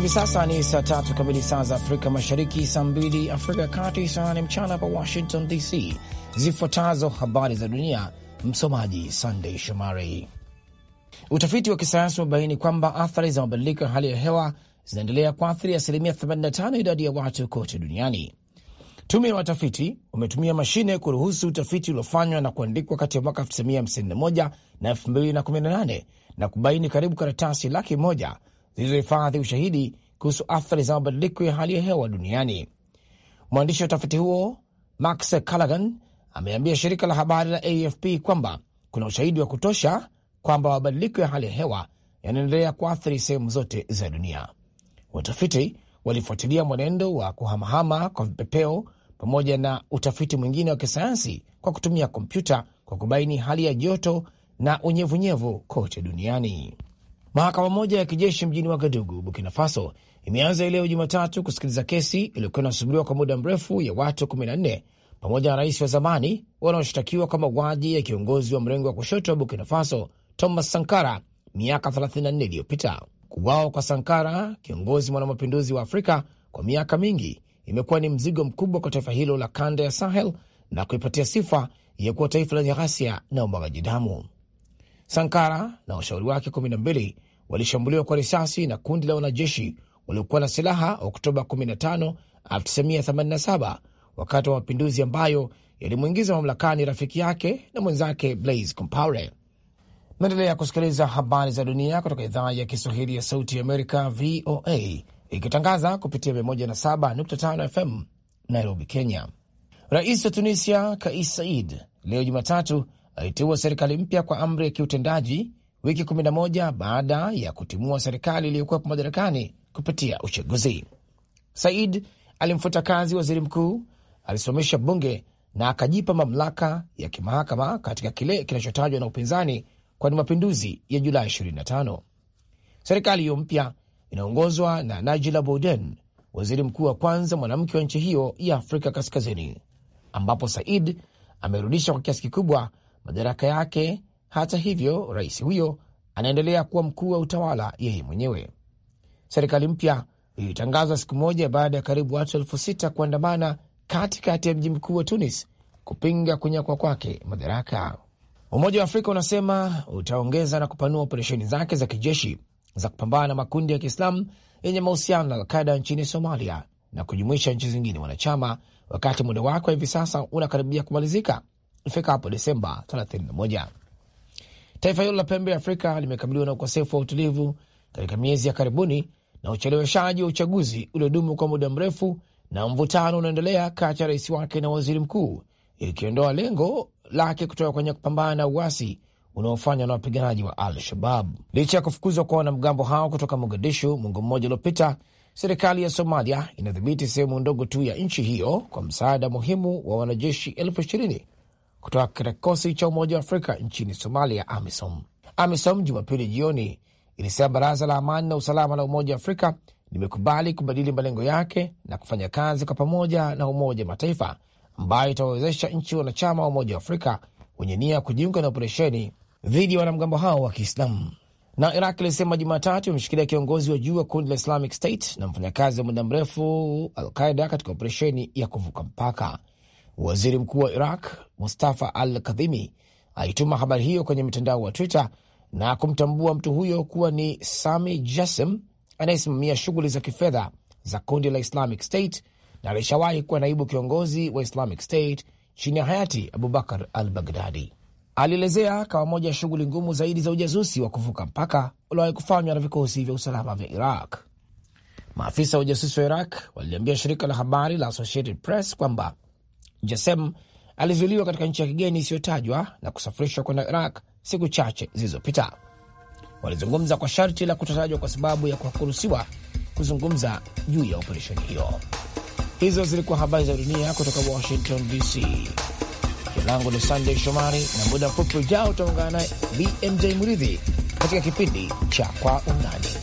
Hivi sasa ni saa tatu kamili, saa za Afrika Mashariki, saa mbili Afrika ya Kati, saa ni mchana hapa Washington DC. Zifuatazo habari za dunia, msomaji Sandey Shomari. Utafiti wa kisayansi umebaini kwamba athari za mabadiliko ya hali ya hewa zinaendelea kuathiri asilimia 85 idadi ya watu kote duniani. Tume ya watafiti umetumia mashine kuruhusu utafiti uliofanywa na kuandikwa kati ya mwaka 1951 na 2018 na kubaini karibu karatasi laki moja zilizohifadhi ushahidi kuhusu athari za mabadiliko ya hali ya hewa duniani. Mwandishi wa utafiti huo Max Callaghan ameambia shirika la habari la AFP kwamba kuna ushahidi wa kutosha kwamba mabadiliko ya hali ya hewa yanaendelea kuathiri sehemu zote za dunia. Watafiti walifuatilia mwenendo wa kuhamahama kwa vipepeo pamoja na utafiti mwingine wa kisayansi kwa kutumia kompyuta kwa kubaini hali ya joto na unyevunyevu kote duniani. Mahakama moja ya kijeshi mjini Wagadugu, Burkina Faso, imeanza leo Jumatatu kusikiliza kesi iliyokuwa inasubiriwa kwa muda mrefu ya watu 14 pamoja na rais wa zamani wanaoshtakiwa kwa mauaji ya kiongozi wa mrengo wa kushoto wa Burkina Faso Thomas Sankara miaka 34 iliyopita. Kuwao kwa Sankara, kiongozi mwanamapinduzi wa Afrika kwa miaka mingi, imekuwa ni mzigo mkubwa kwa taifa hilo la kanda ya Sahel na kuipatia sifa ya kuwa taifa lenye ghasia na umwagaji damu. Sankara na washauri wake 12 walishambuliwa kwa risasi na kundi la wanajeshi waliokuwa na silaha Oktoba 15, 1987 wakati wa mapinduzi ambayo yalimwingiza mamlakani rafiki yake na mwenzake Blaise Compaore. Naendelea kusikiliza habari za dunia kutoka idhaa ya Kiswahili ya Sauti ya Amerika, VOA, ikitangaza kupitia 107.5 FM Nairobi, Kenya. Rais wa Tunisia Kais Said leo Jumatatu aliteua serikali mpya kwa amri ya kiutendaji wiki 11 baada ya kutimua serikali iliyokuwepo madarakani kupitia uchaguzi. Said alimfuta kazi waziri mkuu, alisimamisha bunge na akajipa mamlaka ya kimahakama katika kile kinachotajwa na upinzani kwani mapinduzi ya Julai 25. Serikali hiyo mpya inaongozwa na Najila Bouden, waziri mkuu wa kwanza mwanamke wa nchi hiyo ya Afrika Kaskazini, ambapo Said amerudisha kwa kiasi kikubwa madaraka yake. Hata hivyo, rais huyo anaendelea kuwa mkuu wa utawala yeye mwenyewe. Serikali mpya ilitangazwa siku moja baada ya karibu watu elfu sita kuandamana katikati ya mji mkuu wa Tunis kupinga kunyakwa kwake madaraka. Umoja wa Afrika unasema utaongeza na kupanua operesheni zake za kijeshi za kupambana na makundi ya Kiislamu yenye mahusiano na Alqaida nchini Somalia na kujumuisha nchi zingine wanachama, wakati muda wake wa hivi sasa unakaribia kumalizika ifikapo Desemba 31. Taifa hilo la pembe ya Afrika limekabiliwa na ukosefu wa utulivu katika miezi ya karibuni na ucheleweshaji wa uchaguzi uliodumu kwa muda mrefu, na mvutano unaendelea kati ya rais wake na waziri mkuu, ikiondoa lengo lake kutoka kwenye kupambana na uasi unaofanywa na wapiganaji wa Al Shabab. Licha ya kufukuzwa kwa wanamgambo hao kutoka Mogadishu mwongo mmoja uliopita, serikali ya Somalia inadhibiti sehemu ndogo tu ya nchi hiyo kwa msaada muhimu wa wanajeshi elfu ishirini kutoka katika kikosi cha Umoja wa Afrika nchini Somalia, AMISOM. AMISOM Jumapili jioni ilisema baraza la amani na usalama la Umoja wa Afrika limekubali kubadili malengo yake na kufanya kazi kwa pamoja na Umoja Mataifa, ambayo itawawezesha nchi wanachama wa Umoja wa Afrika wenye nia ya kujiunga na operesheni dhidi ya wanamgambo hao wa Kiislamu. Na Iraq ilisema Jumatatu imeshikilia kiongozi wa juu wa kundi la Islamic State na mfanyakazi wa muda mrefu alqaida katika operesheni ya kuvuka mpaka. Waziri mkuu wa Iraq Mustafa al Kadhimi alituma habari hiyo kwenye mtandao wa Twitter na kumtambua mtu huyo kuwa ni Sami Jasem anayesimamia shughuli za kifedha za kundi la Islamic State na alishawahi kuwa naibu kiongozi wa Islamic State chini ya hayati Abubakar al Baghdadi. Alielezea kama moja ya shughuli ngumu zaidi za ujasusi wa kuvuka mpaka uliowahi kufanywa na vikosi vya usalama vya Iraq. Maafisa wa ujasusi wa Iraq waliliambia shirika la habari la Associated Press kwamba Jasem alizuiliwa katika nchi ya kigeni isiyotajwa na kusafirishwa kwenda Iraq siku chache zilizopita. Walizungumza kwa sharti la kutotajwa kwa sababu ya kuakurusiwa kuzungumza juu ya operesheni hiyo. Hizo zilikuwa habari za dunia kutoka Washington DC. Jina langu ni Sandey Shomari, na muda mfupi ujao utaungana naye BMJ Muridhi katika kipindi cha Kwa Undani.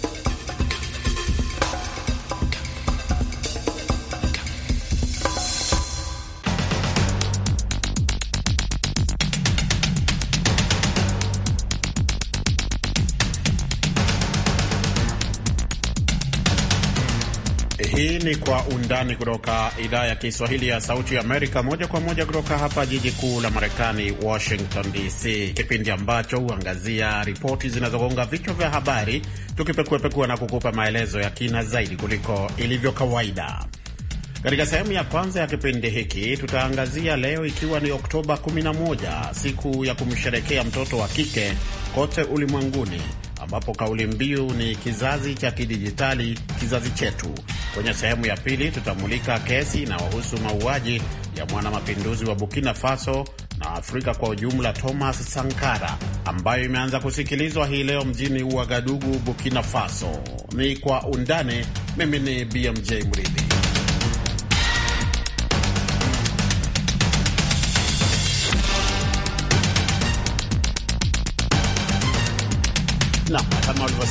Hii ni Kwa Undani kutoka idhaa ya Kiswahili ya Sauti ya Amerika, moja kwa moja kutoka hapa jiji kuu la Marekani, Washington DC, kipindi ambacho huangazia ripoti zinazogonga vichwa vya habari, tukipekuapekua na kukupa maelezo ya kina zaidi kuliko ilivyo kawaida. Katika sehemu ya kwanza ya kipindi hiki tutaangazia leo, ikiwa ni Oktoba 11 siku ya kumsherekea mtoto wa kike kote ulimwenguni, ambapo kauli mbiu ni kizazi cha kidijitali, kizazi chetu Kwenye sehemu ya pili tutamulika kesi inayohusu mauaji ya mwana mapinduzi wa Burkina Faso na Afrika kwa ujumla, Thomas Sankara, ambayo imeanza kusikilizwa hii leo mjini Uagadugu, Burkina Faso. Ni kwa undani. Mimi ni BMJ Mridhi.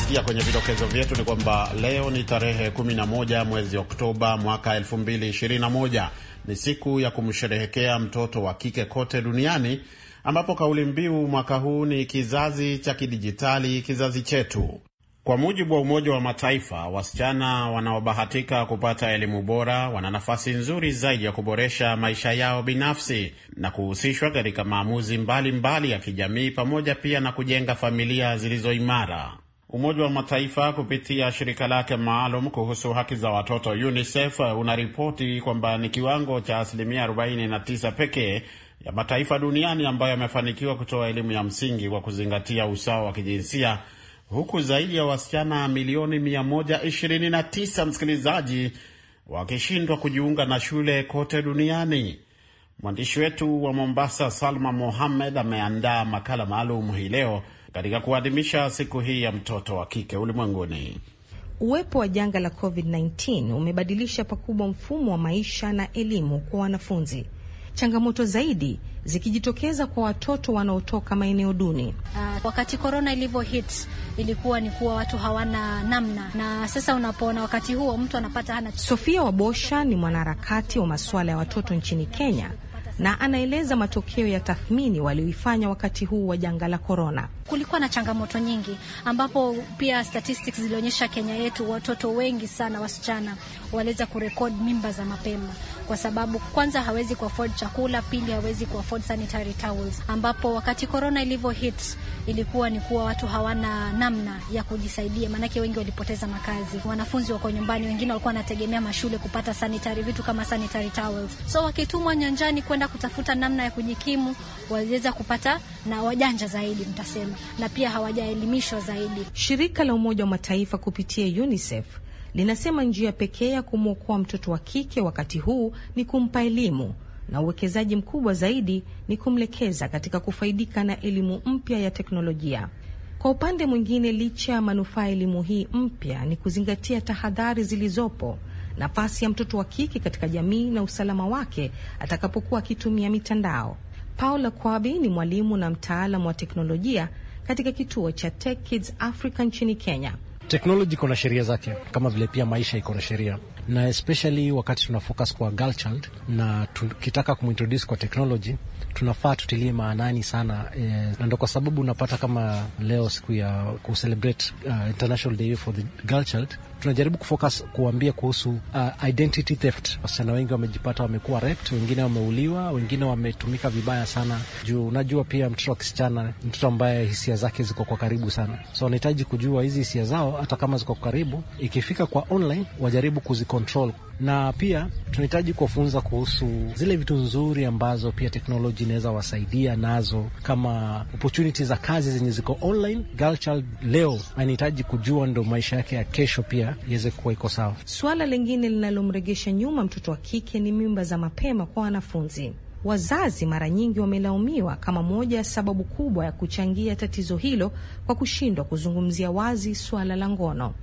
Ulivyosikia kwenye vidokezo vyetu ni kwamba leo ni tarehe 11 mwezi Oktoba mwaka 2021. Ni siku ya kumsherehekea mtoto wa kike kote duniani, ambapo kauli mbiu mwaka huu ni kizazi cha kidijitali, kizazi chetu. Kwa mujibu wa Umoja wa Mataifa, wasichana wanaobahatika kupata elimu bora wana nafasi nzuri zaidi ya kuboresha maisha yao binafsi na kuhusishwa katika maamuzi mbalimbali ya kijamii, pamoja pia na kujenga familia zilizo imara. Umoja wa Mataifa kupitia shirika lake maalum kuhusu haki za watoto UNICEF unaripoti kwamba ni kiwango cha asilimia 49 pekee ya mataifa duniani ambayo yamefanikiwa kutoa elimu ya msingi kwa kuzingatia usawa wa kijinsia, huku zaidi ya wasichana milioni 129, msikilizaji, wakishindwa kujiunga na shule kote duniani. Mwandishi wetu wa Mombasa, Salma Mohammed, ameandaa makala maalum hii leo katika kuadhimisha siku hii ya mtoto wa kike ulimwenguni. Uwepo wa janga la COVID-19 umebadilisha pakubwa mfumo wa maisha na elimu kwa wanafunzi, changamoto zaidi zikijitokeza kwa watoto wanaotoka maeneo duni. Uh, wakati korona ilivyo hit ilikuwa ni kuwa watu hawana namna, na sasa unapoona wakati huo mtu anapata hana. Sofia Wabosha ni mwanaharakati wa masuala ya watoto nchini Kenya na anaeleza matokeo ya tathmini walioifanya wakati huu wa janga la korona. Kulikuwa na changamoto nyingi, ambapo pia statistics zilionyesha Kenya yetu watoto wengi sana wasichana waliweza kurekod mimba za mapema, kwa sababu kwanza hawezi kuafford chakula, pili hawezi kuafford sanitary towels, ambapo wakati korona ilivyo hit ilikuwa ni kuwa watu hawana namna ya kujisaidia, maanake wengi walipoteza makazi, wanafunzi wako nyumbani, wengine walikuwa wanategemea mashule kupata sanitary vitu kama sanitary towels, so wakitumwa nyanjani kwenda kutafuta namna ya kujikimu waliweza kupata na wajanja zaidi mtasema, na pia hawajaelimishwa zaidi. Shirika la Umoja wa Mataifa kupitia UNICEF linasema njia pekee ya kumwokoa mtoto wa kike wakati huu ni kumpa elimu na uwekezaji mkubwa zaidi ni kumlekeza katika kufaidika na elimu mpya ya teknolojia. Kwa upande mwingine, licha ya manufaa ya elimu hii mpya ni kuzingatia tahadhari zilizopo, nafasi ya mtoto wa kike katika jamii na usalama wake atakapokuwa akitumia mitandao. Paula Kwabi ni mwalimu na mtaalamu wa teknolojia katika kituo cha Tech Kids Africa nchini Kenya. Teknoloji iko na sheria zake kama vile pia maisha iko na sheria, na especially wakati tuna focus kwa girl child na tukitaka kumintroduce kwa teknoloji tunafaa tutilie maanani sana eh, na ndo kwa sababu unapata kama leo siku ya kucelebrate uh, International Day for the Girl Child, tunajaribu kufocus kuambia kuhusu uh, identity theft. Wasichana wengi wamejipata wamekuwa raped, wengine wameuliwa, wengine wametumika vibaya sana, juu unajua pia mtoto wa kisichana ni mtoto ambaye hisia zake ziko kwa karibu sana, so wanahitaji kujua hizi hisia zao, hata kama ziko kwa karibu, ikifika kwa online wajaribu kuzicontrol na pia tunahitaji kuwafunza kuhusu zile vitu nzuri ambazo pia teknoloji inaweza wasaidia nazo, kama opportunity za kazi zenye ziko online. Girl child leo anahitaji kujua ndo maisha yake ya kesho pia pia iweze kuwa iko sawa. Suala lingine linalomregesha nyuma mtoto wa kike ni mimba za mapema kwa wanafunzi. Wazazi mara nyingi wamelaumiwa kama moja ya sababu kubwa ya kuchangia tatizo hilo kwa kushindwa kuzungumzia wazi suala la ngono.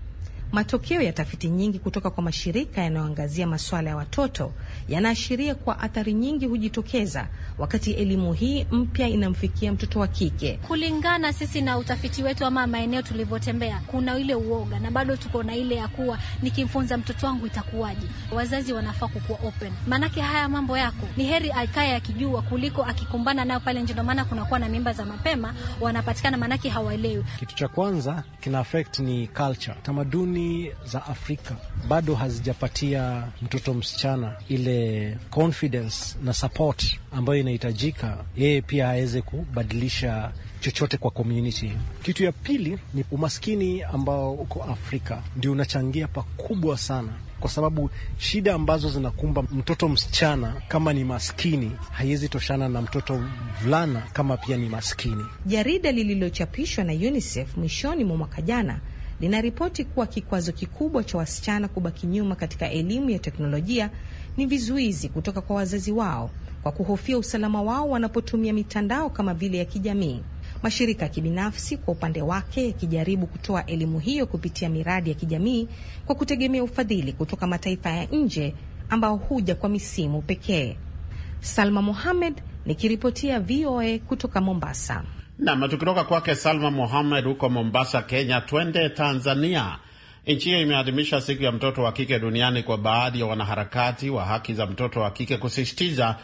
Matokeo ya tafiti nyingi kutoka kwa mashirika yanayoangazia masuala ya watoto yanaashiria kwa athari nyingi hujitokeza wakati elimu hii mpya inamfikia mtoto wa kike. Kulingana sisi na utafiti wetu ama maeneo tulivyotembea, kuna ile uoga na bado tuko na ile ya kuwa nikimfunza mtoto wangu itakuwaje. Wazazi wanafaa kukuwa open, maanake haya mambo yako ni heri akaye akijua kuliko akikumbana nayo pale nje. Ndio maana kunakuwa na mimba za mapema wanapatikana, maanake hawaelewi. Kitu cha kwanza kina affect ni culture, tamaduni za Afrika bado hazijapatia mtoto msichana ile confidence na support ambayo inahitajika yeye pia aweze kubadilisha chochote kwa community. Kitu ya pili ni umaskini ambao uko Afrika ndio unachangia pakubwa sana, kwa sababu shida ambazo zinakumba mtoto msichana kama ni maskini haiwezi toshana na mtoto mvulana kama pia ni maskini. Jarida lililochapishwa na UNICEF mwishoni mwa mwaka jana linaripoti kuwa kikwazo kikubwa cha wasichana kubaki nyuma katika elimu ya teknolojia ni vizuizi kutoka kwa wazazi wao kwa kuhofia usalama wao wanapotumia mitandao kama vile ya kijamii. Mashirika ya kibinafsi kwa upande wake yakijaribu kutoa elimu hiyo kupitia miradi ya kijamii kwa kutegemea ufadhili kutoka mataifa ya nje ambao huja kwa misimu pekee. Salma Mohamed nikiripotia VOA kutoka Mombasa. Nam, tukitoka kwake Salma Mohamed huko Mombasa, Kenya, twende Tanzania. Nchi hiyo imeadhimisha siku ya mtoto wa kike duniani kwa baadhi ya wanaharakati wa haki za mtoto wa kike kusisitiza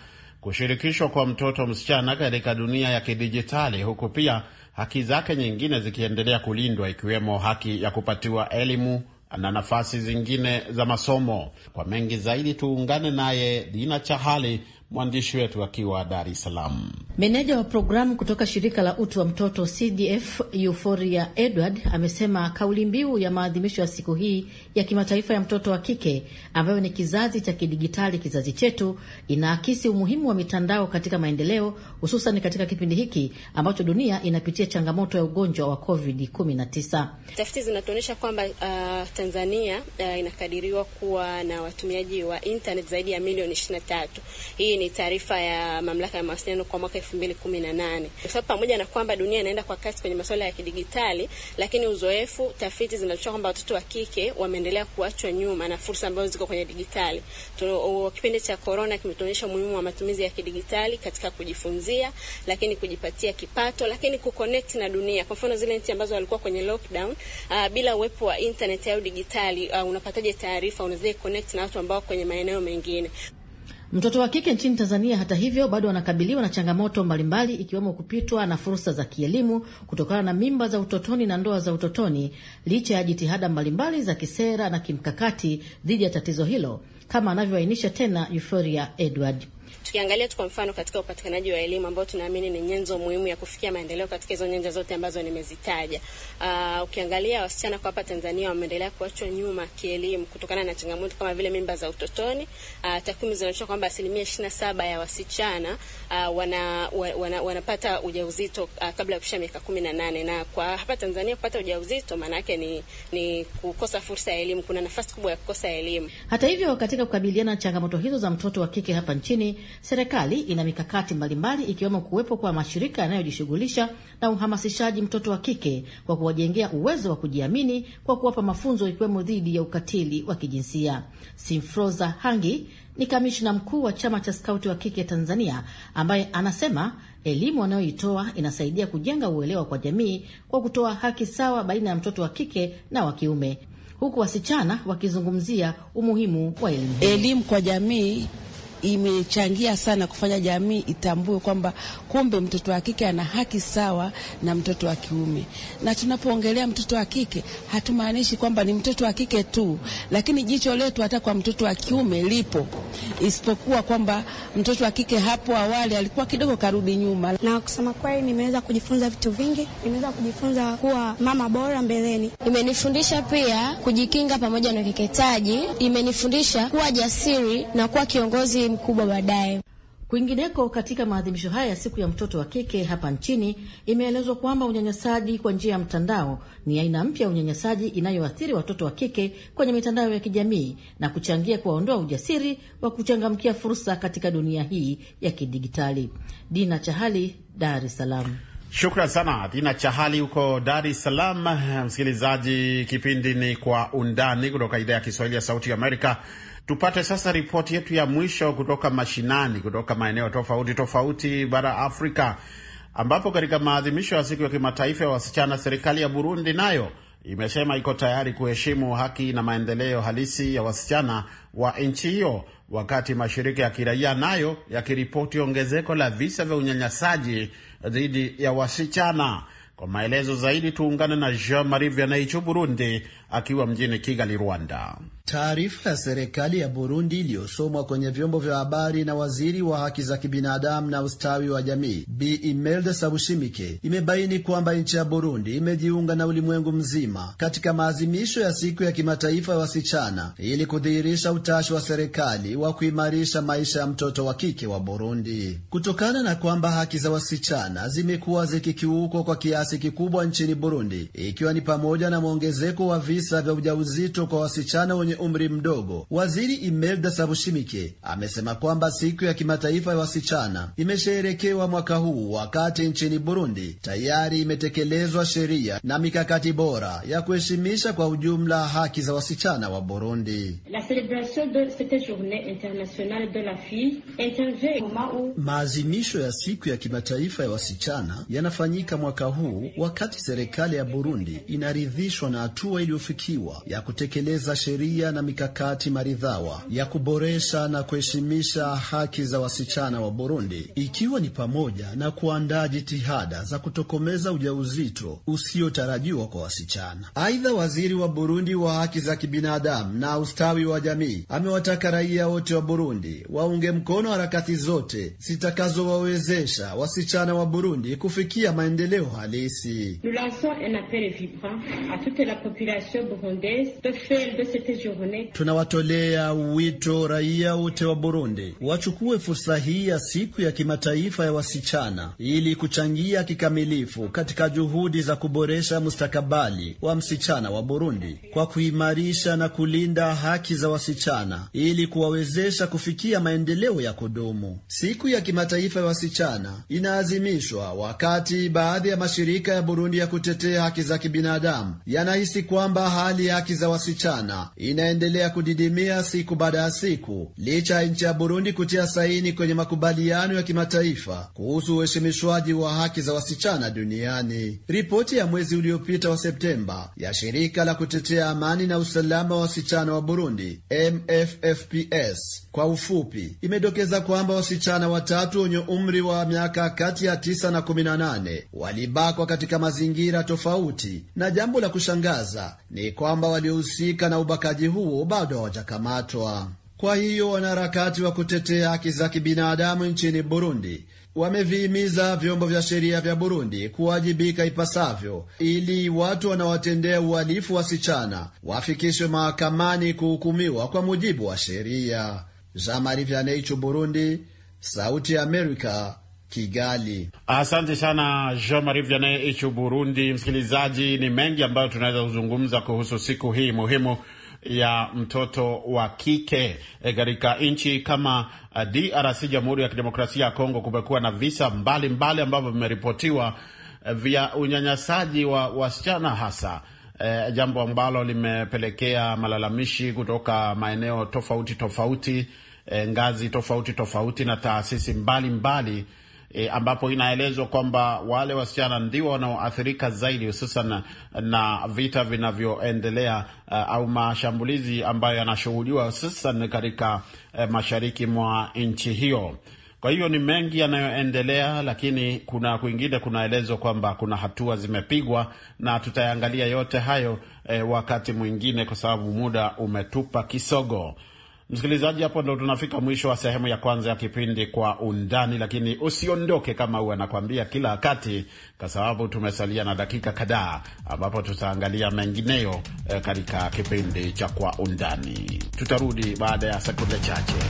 kushirikishwa kwa mtoto msichana katika dunia ya kidijitali, huku pia haki zake nyingine zikiendelea kulindwa, ikiwemo haki ya kupatiwa elimu na nafasi zingine za masomo. Kwa mengi zaidi, tuungane naye Dina Chahali mwandishi wetu akiwa Dar es Salaam. Meneja wa programu kutoka shirika la utu wa mtoto CDF Euphoria Edward amesema kauli mbiu ya maadhimisho ya siku hii ya kimataifa ya mtoto wa kike ambayo ni kizazi cha kidigitali, kizazi chetu, inaakisi umuhimu wa mitandao katika maendeleo, hususan katika kipindi hiki ambacho dunia inapitia changamoto ya ugonjwa wa COVID 19. Tafiti zinatuonyesha kwamba uh, Tanzania uh, inakadiriwa kuwa na watumiaji wa internet zaidi ya milioni 23. Hii ni taarifa ya mamlaka ya mawasiliano kwa mwaka 2018. Kwa sababu pamoja na kwamba dunia inaenda kwa kasi kwenye masuala ya kidigitali, lakini uzoefu, tafiti zinaonyesha kwamba watoto wa kike wameendelea kuachwa nyuma na fursa ambazo ziko kwenye digitali. Kipindi cha corona kimetuonyesha umuhimu wa matumizi ya kidigitali katika kujifunzia, lakini kujipatia kipato, lakini kuconnect na dunia. Kwa mfano zile nchi ambazo walikuwa kwenye lockdown, uh, bila uwepo wa internet au digitali, uh, unapataje taarifa? Unaweza connect na watu ambao kwenye maeneo mengine Mtoto wa kike nchini Tanzania, hata hivyo, bado anakabiliwa na changamoto mbalimbali, ikiwemo kupitwa na fursa za kielimu kutokana na mimba za utotoni na ndoa za utotoni, licha ya jitihada mbalimbali za kisera na kimkakati dhidi ya tatizo hilo, kama anavyoainisha tena Euphoria Edward. Tukiangalia tu kwa mfano katika upatikanaji wa elimu ambayo tunaamini ni nyenzo muhimu ya kufikia maendeleo katika hizo nyanja zote ambazo nimezitaja. Uh, ukiangalia wasichana kwa hapa Tanzania wameendelea kuachwa nyuma kielimu kutokana na changamoto kama vile mimba za utotoni. Uh, takwimu zinaonyesha kwamba asilimia ishirini na saba ya wasichana uh, wana, wana, wana, wanapata ujauzito uh, kabla ya kufikia miaka kumi na nane na kwa hapa Tanzania kupata ujauzito maana yake ni, ni kukosa fursa ya elimu. Kuna nafasi kubwa ya kukosa elimu. Hata hivyo, katika kukabiliana na changamoto hizo za mtoto wa kike hapa nchini Serikali ina mikakati mbalimbali ikiwemo kuwepo kwa mashirika yanayojishughulisha na uhamasishaji mtoto wa kike kwa kuwajengea uwezo wa kujiamini kwa kuwapa mafunzo ikiwemo dhidi ya ukatili wa kijinsia. Simfroza Hangi ni kamishna mkuu wa chama cha skauti wa kike Tanzania ambaye anasema elimu anayoitoa inasaidia kujenga uelewa kwa jamii kwa kutoa haki sawa baina ya mtoto wa kike na wa kiume, huku wasichana wakizungumzia umuhimu wa elimu. Elimu kwa jamii imechangia sana kufanya jamii itambue kwamba kumbe mtoto wa kike ana haki sawa na mtoto wa kiume. Na tunapoongelea mtoto wa kike, hatumaanishi kwamba ni mtoto wa kike tu, lakini jicho letu hata kwa mtoto wa kiume lipo, isipokuwa kwamba mtoto wa kike hapo awali alikuwa kidogo karudi nyuma. Na kusema kweli, nimeweza kujifunza vitu vingi, nimeweza kujifunza kuwa mama bora mbeleni. Imenifundisha pia kujikinga pamoja na ukeketaji, imenifundisha kuwa jasiri na kuwa kiongozi sehemu kubwa baadaye. Kwingineko, katika maadhimisho haya ya siku ya mtoto wa kike hapa nchini, imeelezwa kwamba unyanyasaji kwa njia ya mtandao ni aina mpya ya unyanyasaji inayoathiri watoto wa kike kwenye mitandao ya kijamii na kuchangia kuwaondoa ujasiri wa kuchangamkia fursa katika dunia hii ya kidigitali. Dina Chahali, Dar es Salaam. Shukran sana Dina Chahali huko Dar es Salaam. Msikilizaji, kipindi ni Kwa Undani kutoka idhaa ya Kiswahili ya Sauti ya Amerika. Tupate sasa ripoti yetu ya mwisho kutoka mashinani, kutoka maeneo tofauti tofauti bara Afrika, ambapo katika maadhimisho ya siku ya kimataifa ya wasichana, serikali ya Burundi nayo imesema iko tayari kuheshimu haki na maendeleo halisi ya wasichana wa nchi hiyo, wakati mashirika ya kiraia nayo yakiripoti ongezeko la visa vya unyanyasaji dhidi ya wasichana. Kwa maelezo zaidi tuungane na Jean Marie Vianney Burundi akiwa mjini Kigali, Rwanda. Taarifa ya serikali ya Burundi iliyosomwa kwenye vyombo vya habari na waziri wa haki za kibinadamu na ustawi wa jamii Bi Imelda Sabushimike imebaini kwamba nchi ya Burundi imejiunga na ulimwengu mzima katika maazimisho ya siku ya kimataifa ya wasichana ili kudhihirisha utashi wa serikali wa kuimarisha maisha ya mtoto wa kike wa Burundi. Kutokana na kwamba haki za wasichana zimekuwa zikikiukwa kwa kiasi kikubwa nchini Burundi, ikiwa ni pamoja na mwongezeko wa visa visa vya ujauzito kwa wasichana wenye umri mdogo, Waziri Imelda Sabushimike amesema kwamba siku ya kimataifa ya wasichana imesherekewa mwaka huu, wakati nchini Burundi tayari imetekelezwa sheria na mikakati bora ya kuheshimisha kwa ujumla haki za wasichana wa Burundi. maazimisho ya siku ya kimataifa ya wasichana yanafanyika mwaka huu wakati serikali ya Burundi inaridhishwa na hatua iliyo kufikiwa ya kutekeleza sheria na mikakati maridhawa ya kuboresha na kuheshimisha haki za wasichana wa Burundi, ikiwa ni pamoja na kuandaa jitihada za kutokomeza ujauzito usiotarajiwa kwa wasichana. Aidha, waziri wa Burundi wa haki za kibinadamu na ustawi wa jamii amewataka raia wote wa Burundi waunge mkono harakati zote zitakazowawezesha wasichana wa Burundi kufikia maendeleo halisi. Tunawatolea wito raia wote wa Burundi wachukue fursa hii ya siku ya kimataifa ya wasichana ili kuchangia kikamilifu katika juhudi za kuboresha mustakabali wa msichana wa Burundi kwa kuimarisha na kulinda haki za wasichana ili kuwawezesha kufikia maendeleo ya kudumu. Siku ya kimataifa ya wasichana inaazimishwa wakati baadhi ya mashirika ya Burundi ya kutetea haki za kibinadamu yanahisi kwamba hali ya haki za wasichana inaendelea kudidimia siku baada ya siku, licha ya nchi ya Burundi kutia saini kwenye makubaliano ya kimataifa kuhusu uheshimishwaji wa haki za wasichana duniani. Ripoti ya mwezi uliopita wa Septemba ya shirika la kutetea amani na usalama wa wasichana wa Burundi, MFFPS kwa ufupi, imedokeza kwamba wasichana watatu wenye umri wa miaka kati ya 9 na 18 walibakwa katika mazingira tofauti, na jambo la kushangaza ni kwamba waliohusika na ubakaji huo bado hawajakamatwa. Kwa hiyo wanaharakati wa kutetea haki za kibinadamu nchini Burundi wamevihimiza vyombo vya sheria vya Burundi kuwajibika ipasavyo ili watu wanaowatendea uhalifu wasichana wafikishwe mahakamani kuhukumiwa kwa mujibu wa sheria. Jean Marie Vianney, Burundi, Sauti ya Amerika, Kigali. Asante sana Jean Marie Vianney Ichu, Burundi. Msikilizaji, ni mengi ambayo tunaweza kuzungumza kuhusu siku hii muhimu ya mtoto wa kike eh, katika nchi kama eh, DRC, Jamhuri ya Kidemokrasia ya Kongo. Kumekuwa na visa mbalimbali ambavyo vimeripotiwa eh, vya unyanyasaji wa wasichana hasa e, jambo ambalo limepelekea malalamishi kutoka maeneo tofauti tofauti, e, ngazi tofauti tofauti na taasisi mbalimbali mbali e, ambapo inaelezwa kwamba wale wasichana ndio wanaoathirika zaidi hususan na, na vita vinavyoendelea uh, au mashambulizi ambayo yanashuhudiwa hususan katika uh, mashariki mwa nchi hiyo. Kwa hiyo ni mengi yanayoendelea, lakini kuna kwingine kunaelezwa kwamba kuna hatua zimepigwa, na tutayangalia yote hayo eh, wakati mwingine, kwa sababu muda umetupa kisogo. Msikilizaji, hapo ndo tunafika mwisho wa sehemu ya kwanza ya kipindi Kwa Undani, lakini usiondoke kama huwa anakwambia kila wakati, kwa sababu tumesalia na dakika kadhaa ambapo tutaangalia mengineyo eh, katika kipindi cha Kwa Undani. Tutarudi baada ya sekunde chache.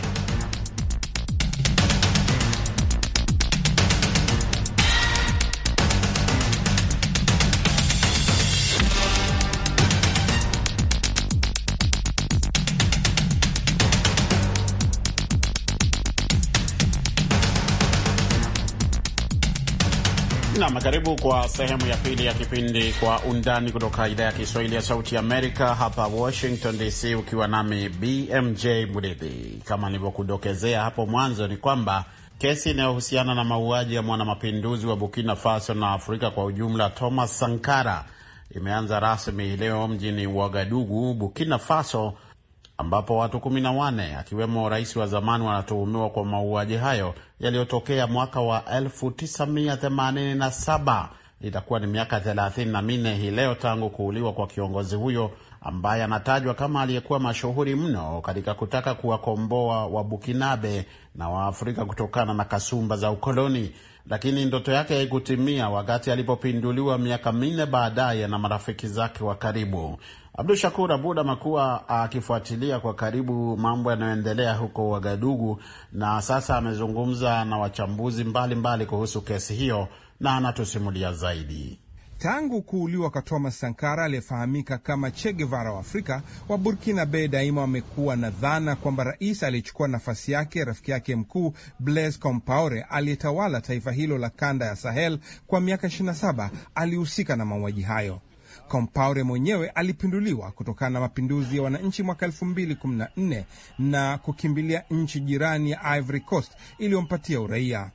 Nam, karibu kwa sehemu ya pili ya kipindi Kwa Undani kutoka idhaa ya Kiswahili ya Sauti Amerika hapa Washington DC, ukiwa nami BMJ Mridhi. Kama nilivyokudokezea hapo mwanzo, ni kwamba kesi inayohusiana na mauaji ya mwanamapinduzi wa Burkina Faso na Afrika kwa ujumla, Thomas Sankara, imeanza rasmi leo mjini Wagadugu, Burkina Faso, ambapo watu kumi na wanne akiwemo rais wa zamani wanatuhumiwa kwa mauaji hayo yaliyotokea mwaka wa 1987. Itakuwa ni miaka 34 hii leo tangu kuuliwa kwa kiongozi huyo ambaye anatajwa kama aliyekuwa mashuhuri mno katika kutaka kuwakomboa Wabukinabe na Waafrika kutokana na kasumba za ukoloni, lakini ndoto yake haikutimia wakati alipopinduliwa miaka minne baadaye na marafiki zake wa karibu. Abdu Shakur Abud amekuwa akifuatilia kwa karibu mambo yanayoendelea huko Wagadugu, na sasa amezungumza na wachambuzi mbalimbali mbali kuhusu kesi hiyo, na anatusimulia zaidi. Tangu kuuliwa kwa Thomas Sankara aliyefahamika kama Che Guevara wa Afrika, wa Burkina Be daima wamekuwa na dhana kwamba rais aliyechukua nafasi yake rafiki yake mkuu Blaise Compaore aliyetawala taifa hilo la kanda ya Sahel kwa miaka 27 alihusika na mauaji hayo kompaure mwenyewe alipinduliwa kutokana na mapinduzi ya wananchi mwaka kumi na kukimbilia nchi jirani ya Ivory Coast iliyompatia uraia.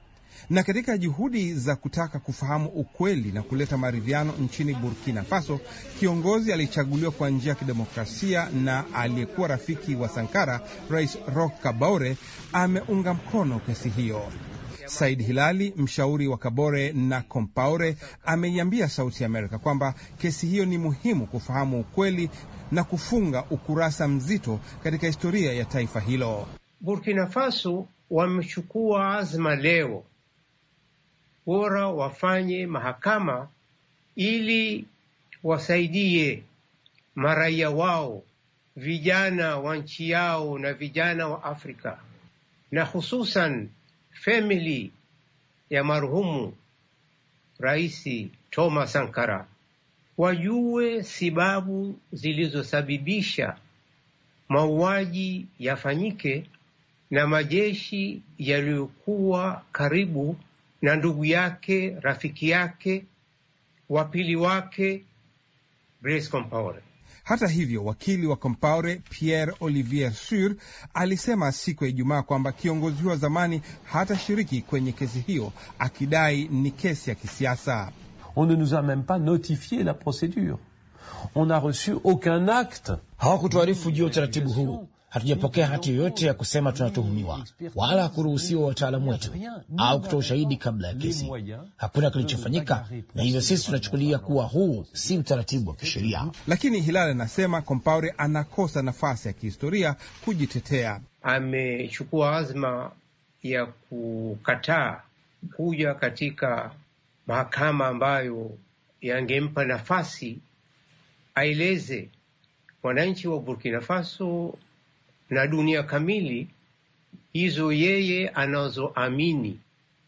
Na katika juhudi za kutaka kufahamu ukweli na kuleta maridhiano nchini Burkina Faso, kiongozi alichaguliwa kwa njia ya kidemokrasia na aliyekuwa rafiki wa Sankara, Rais Roch kabaure ameunga mkono kesi hiyo. Said Hilali, mshauri wa Kabore na Kompaore, ameiambia Sauti ya Amerika kwamba kesi hiyo ni muhimu kufahamu ukweli na kufunga ukurasa mzito katika historia ya taifa hilo. Burkina Faso wamechukua azma leo, bora wafanye mahakama ili wasaidie maraia wao, vijana wa nchi yao na vijana wa Afrika na hususan Family ya marhumu Rais Thomas Sankara wajue sababu zilizosababisha mauaji yafanyike na majeshi yaliyokuwa karibu na ndugu yake, rafiki yake, wapili wake Blaise Compaore. Hata hivyo, wakili wa Compaore Pierre Olivier Sur alisema siku ya Ijumaa kwamba kiongozi huyo wa zamani hatashiriki kwenye kesi hiyo, akidai ni kesi ya kisiasa. On ne nous a meme pas notifie la procedure on a reçu aucun acte. Hawakutuarifu juu ya utaratibu huu, hatujapokea hati yoyote ya kusema tunatuhumiwa, wala kuruhusiwa wataalamu wetu au kutoa ushahidi kabla ya kesi. Hakuna kilichofanyika, na hivyo sisi tunachukulia kuwa huu si utaratibu wa kisheria. Lakini Hilal anasema Kompaure anakosa nafasi ya kihistoria kujitetea. Amechukua azma ya kukataa kuja katika mahakama ambayo yangempa nafasi aeleze wananchi wa Burkina Faso na dunia kamili hizo yeye anazoamini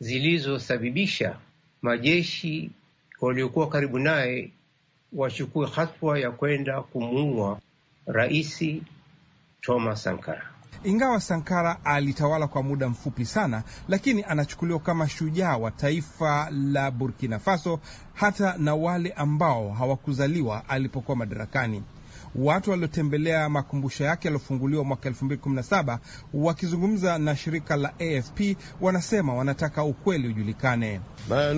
zilizosababisha majeshi waliokuwa karibu naye wachukue hatua ya kwenda kumuua Rais Thomas Sankara. Ingawa Sankara alitawala kwa muda mfupi sana, lakini anachukuliwa kama shujaa wa taifa la Burkina Faso, hata na wale ambao hawakuzaliwa alipokuwa madarakani watu waliotembelea makumbusho yake yaliyofunguliwa mwaka 2017 wakizungumza na shirika la AFP wanasema wanataka ukweli ujulikane. Euh,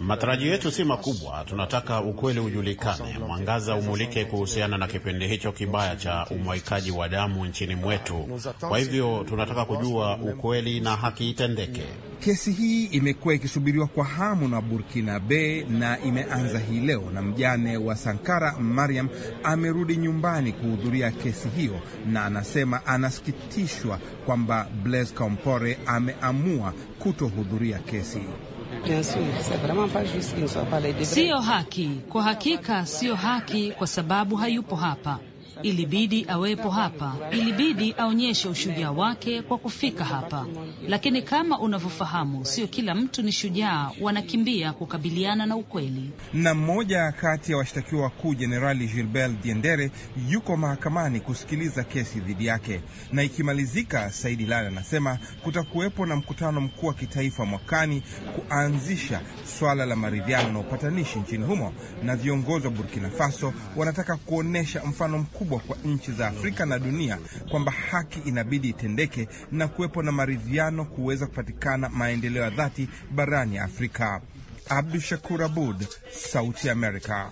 Matarajio yetu si makubwa, tunataka ukweli ujulikane, mwangaza umulike kuhusiana na kipindi hicho kibaya cha umwaikaji wa damu nchini mwetu. Kwa hivyo tunataka kujua ukweli na haki itendeke. Kesi hii imekuwa ikisubiriwa kwa hamu na Burkinabe na imeanza hii leo, na mjane wa Sankara Mariam amerudi nyumbani kuhudhuria kesi hiyo, na anasema anasikitishwa kwamba Blaise Compaore ameamua kutohudhuria kesi. Siyo haki, kwa hakika siyo haki, kwa sababu hayupo hapa Ilibidi awepo hapa, ilibidi aonyeshe ushujaa wake kwa kufika hapa. Lakini kama unavyofahamu, sio kila mtu ni shujaa, wanakimbia kukabiliana na ukweli. Na mmoja kati ya washtakiwa wakuu Jenerali Gilbert Diendere yuko mahakamani kusikiliza kesi dhidi yake, na ikimalizika, Saidi Lala anasema kutakuwepo na mkutano mkuu wa kitaifa mwakani kuanzisha swala la maridhiano na upatanishi nchini humo, na viongozi wa Burkina Faso wanataka kuonyesha mfano mkubwa kubwa kwa nchi za Afrika na dunia kwamba haki inabidi itendeke na kuwepo na maridhiano kuweza kupatikana maendeleo ya dhati barani Afrika. Abdu Shakur Abud, Sauti Amerika.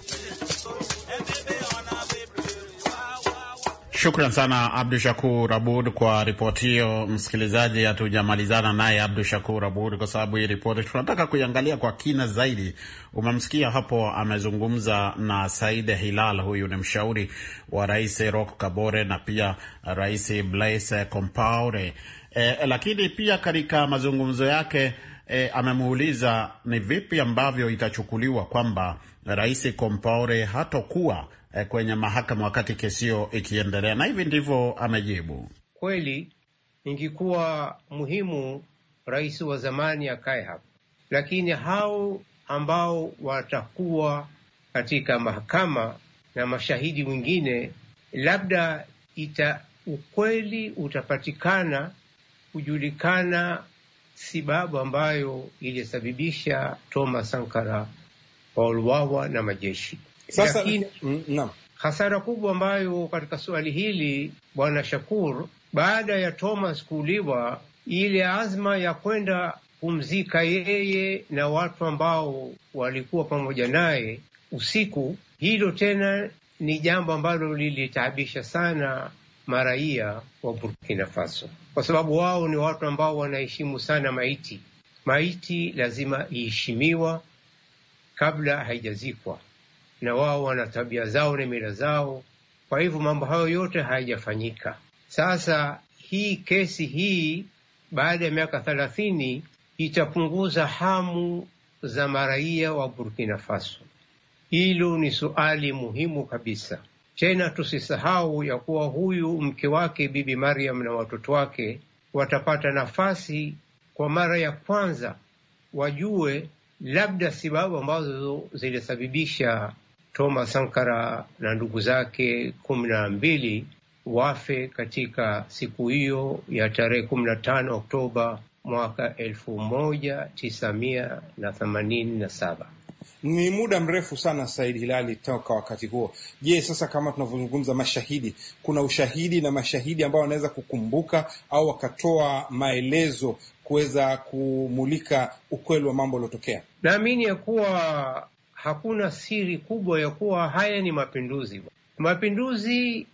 Shukran sana Abdu Shakur Abud kwa ripoti hiyo. Msikilizaji, hatujamalizana naye Abdu Shakur Abud kwa sababu hii ripoti tunataka kuiangalia kwa kina zaidi. Umemsikia hapo amezungumza na Said Hilal, huyu ni mshauri wa Rais Roch Kabore na pia Rais Blaise Compaore. E, lakini pia katika mazungumzo yake e, amemuuliza ni vipi ambavyo itachukuliwa kwamba Rais Compaore hatokuwa Eh, kwenye mahakama wakati kesi hiyo ikiendelea, na hivi ndivyo amejibu. Kweli ingekuwa muhimu rais wa zamani akae hapa, lakini hao ambao watakuwa katika mahakama na mashahidi wengine, labda ita ukweli utapatikana kujulikana sababu ambayo ilisababisha Thomas Sankara wauawa na majeshi. Sasa, lakini mm, hasara kubwa ambayo katika swali hili Bwana Shakur, baada ya Thomas kuuliwa, ile azma ya kwenda kumzika yeye na watu ambao walikuwa pamoja naye usiku, hilo tena ni jambo ambalo lilitaabisha sana maraia wa Burkina Faso, kwa sababu wao ni watu ambao wanaheshimu sana maiti. Maiti lazima iheshimiwa kabla haijazikwa na wao wana tabia zao na mila zao. Kwa hivyo mambo hayo yote hayajafanyika. Sasa hii kesi hii baada ya miaka thelathini itapunguza hamu za maraia wa Burkina Faso. Hilo ni suali muhimu kabisa. Tena tusisahau ya kuwa huyu mke wake Bibi Mariam na watoto wake watapata nafasi kwa mara ya kwanza wajue labda sababu ambazo zilisababisha Toma Sankara na ndugu zake kumi na mbili wafe katika siku hiyo ya tarehe kumi na tano Oktoba mwaka elfu moja tisa mia na themanini na saba. Ni muda mrefu sana Said Hilali toka wakati huo. Je, sasa kama tunavyozungumza mashahidi, kuna ushahidi na mashahidi ambao wanaweza kukumbuka au wakatoa maelezo kuweza kumulika ukweli wa mambo yaliotokea? Naamini ya kuwa hakuna siri kubwa ya kuwa haya ni mapinduzi. Mapinduzi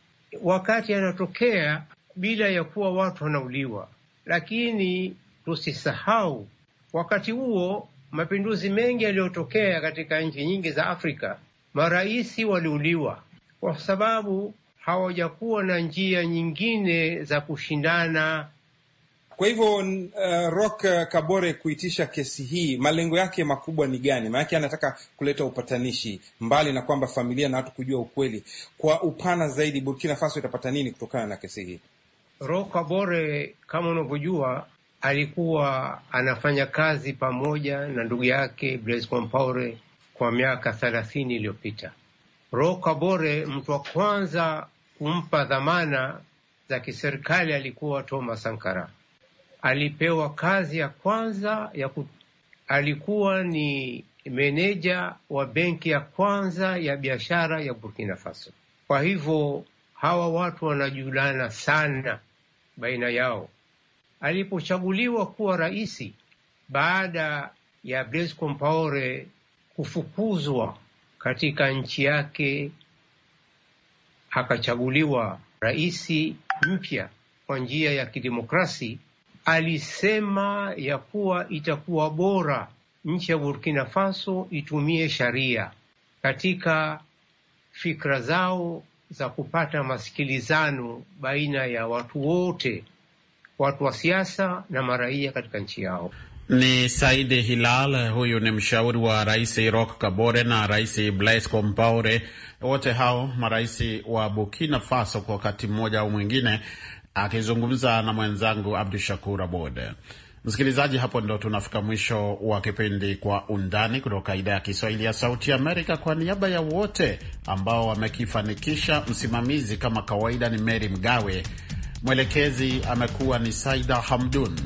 wakati yanatokea bila ya kuwa watu wanauliwa, lakini tusisahau wakati huo mapinduzi mengi yaliyotokea katika nchi nyingi za Afrika, marais waliuliwa kwa sababu hawajakuwa na njia nyingine za kushindana kwa hivyo uh, Rock eh, Kabore kuitisha kesi hii, malengo yake makubwa ni gani? Maanake anataka kuleta upatanishi, mbali na kwamba familia na watu kujua ukweli. Kwa upana zaidi, Burkina Faso itapata nini kutokana na kesi hii? Rock Kabore kama unavyojua, alikuwa anafanya kazi pamoja na ndugu yake Blaise Compaore kwa miaka thelathini iliyopita. Roch Kabore, mtu wa kwanza kumpa dhamana za kiserikali alikuwa Thomas Sankara alipewa kazi ya kwanza ya kut... alikuwa ni meneja wa benki ya kwanza ya biashara ya Burkina Faso. Kwa hivyo hawa watu wanajulana sana baina yao. Alipochaguliwa kuwa rais baada ya Blaise Compaore kufukuzwa katika nchi yake, akachaguliwa rais mpya kwa njia ya kidemokrasi alisema ya kuwa itakuwa bora nchi ya Burkina Faso itumie sharia katika fikra zao za kupata masikilizano baina ya watu wote, watu wa siasa na maraia katika nchi yao. Ni Saidi Hilal, huyu ni mshauri wa Rais Roch Kabore na Rais Blaise Compaore, wote hao marais wa Burkina Faso kwa wakati mmoja au mwingine akizungumza na mwenzangu Abdu Shakur Abode. Msikilizaji, hapo ndo tunafika mwisho wa kipindi Kwa Undani kutoka idhaa ya Kiswahili ya Sauti Amerika. Kwa niaba ya wote ambao wamekifanikisha, msimamizi kama kawaida ni Meri Mgawe, mwelekezi amekuwa ni Saida Hamdun.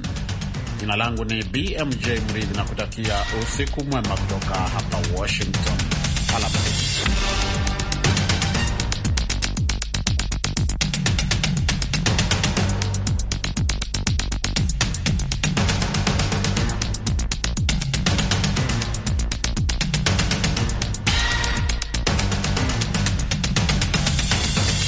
Jina langu ni BMJ Mridhi na kutakia usiku mwema kutoka hapa Washington. Alamsiki.